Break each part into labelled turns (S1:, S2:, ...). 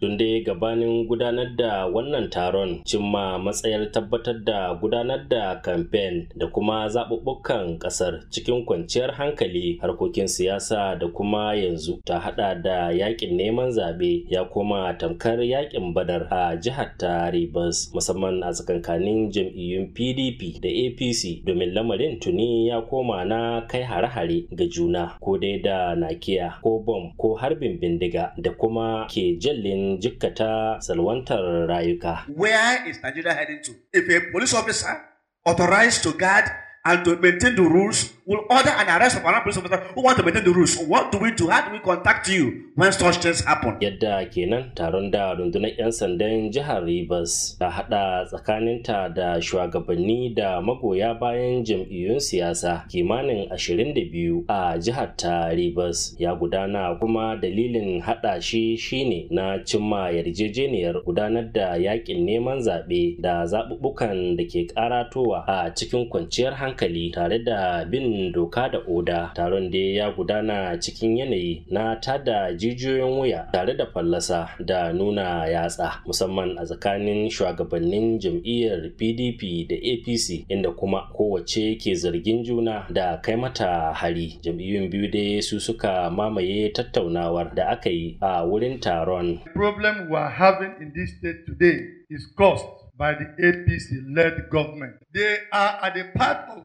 S1: don dai gabanin gudanar da wannan taron cimma matsayar tabbatar da gudanar da kamfen da kuma zaɓuɓɓukan ƙasar cikin kwanciyar hankali harkokin siyasa da kuma yanzu ta haɗa da yakin neman zaɓe ya koma tamkar yakin badar a jihar ta ribas musamman a tsakankanin jam'iyyun PDP da APC domin lamarin tuni ya koma na kai hare-hare ga juna ko dai da nakiya ko bom ko harbin bindiga da kuma ke jallin jikkata salwantar rayuka. Where is Nigeria heading to? If a police officer authorized to guard and to maintain the rules will order an arrest of another police officer who want to maintain the rules. What do we do? How do we contact you when such things happen? Yadda kenan taron da rundunar 'yan sandan jihar Rivers ta hada tsakaninta da shugabanni da magoya bayan jam'iyyun siyasa kimanin 22 a jihar ta Rivers ya gudana kuma dalilin hada shi shine na cimma yarjejeniyar gudanar da yakin neman zaɓe da zaɓuɓɓukan da ke ƙaratowa a cikin kwanciyar hankali tare da bin bin doka da oda taron dai ya gudana cikin yanayi na tada jijiyoyin wuya tare da fallasa da nuna yatsa musamman a tsakanin shugabannin jam'iyyar pdp da apc inda kuma kowace ke zargin juna da kai mata hari jam'iyyun biyu dai su suka mamaye tattaunawar da aka yi a wurin taron
S2: problem we are in this state today is caused by the apc led government they are at the part of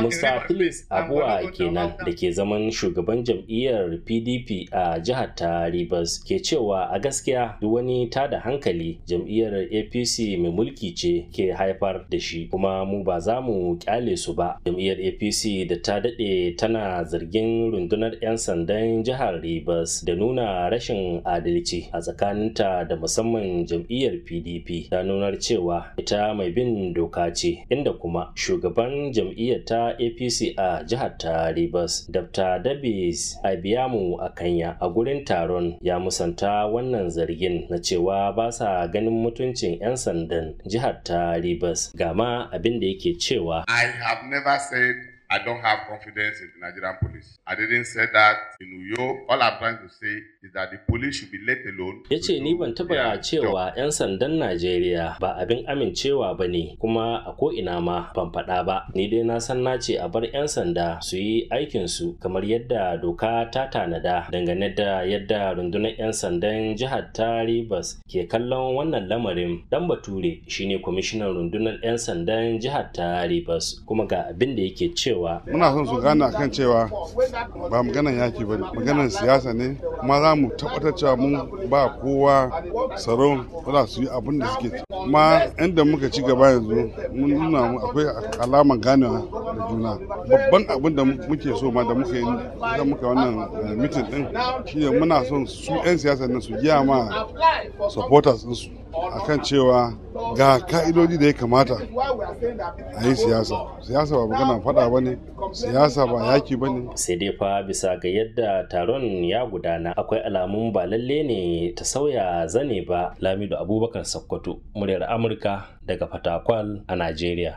S2: musa
S1: Phillips Abuwa kenan da ke zaman shugaban jam'iyyar PDP a jihar ta Rivers ke cewa a gaskiya duk wani ta da hankali jam'iyyar APC mai mulki ce ke haifar da shi kuma mu ba za mu kyale su ba. Jam'iyyar APC da ta daɗe tana zargin rundunar 'yan sandan jihar Rivers da nuna rashin adalci a tsakaninta da musamman jam'iyyar PDP ta nunar cewa ita mai bin doka ce inda kuma shugaban jam'iyyar ta apc a jihar ta rivers dr davis abiyamu akanya a gurin taron ya musanta wannan zargin na cewa ba sa ganin mutuncin 'yan sandan jihar ta rivers gama abin da yake cewa i
S2: have never said I don't have confidence in the Nigerian police. I didn't say that in York. All I'm trying to say is that the police should be let alone.
S1: Ya ce ni ban taba cewa 'yan sandan Najeriya ba abin amincewa ba ne kuma a ko'ina ma ban faɗa ba. Ni dai na san na ce a bar 'yan sanda su yi aikin su kamar yadda doka ta tanada dangane da yadda rundunar 'yan sandan jihar ta Rivers ke kallon wannan lamarin. Dan Bature shine kwamishinan rundunar 'yan sandan jihar ta Rivers kuma ga abin da yake cewa cewa muna son su gane kan cewa
S2: ba maganan yaki ba ne maganan siyasa ne kuma za mu tabbatar cewa mun ba kowa tsaro za su yi abin da suke ci kuma inda muka ci gaba yanzu mun nuna akwai alaman ganewa da juna babban abin da muke so ma da muka yi da muka wannan eh, mitin din shine muna son su 'yan siyasa nan su giya ma supporters din su akan cewa ga ka'idodi da ya kamata a yi siyasa
S1: siyasa ba magana faɗa ba ne siyasa ba yaki ba ne sai dai fa bisa ga yadda taron ya gudana akwai alamun ba lalle ne ta sauya zane ba lamido abubakar sakkwato muryar amurka daga fatakwal a najeriya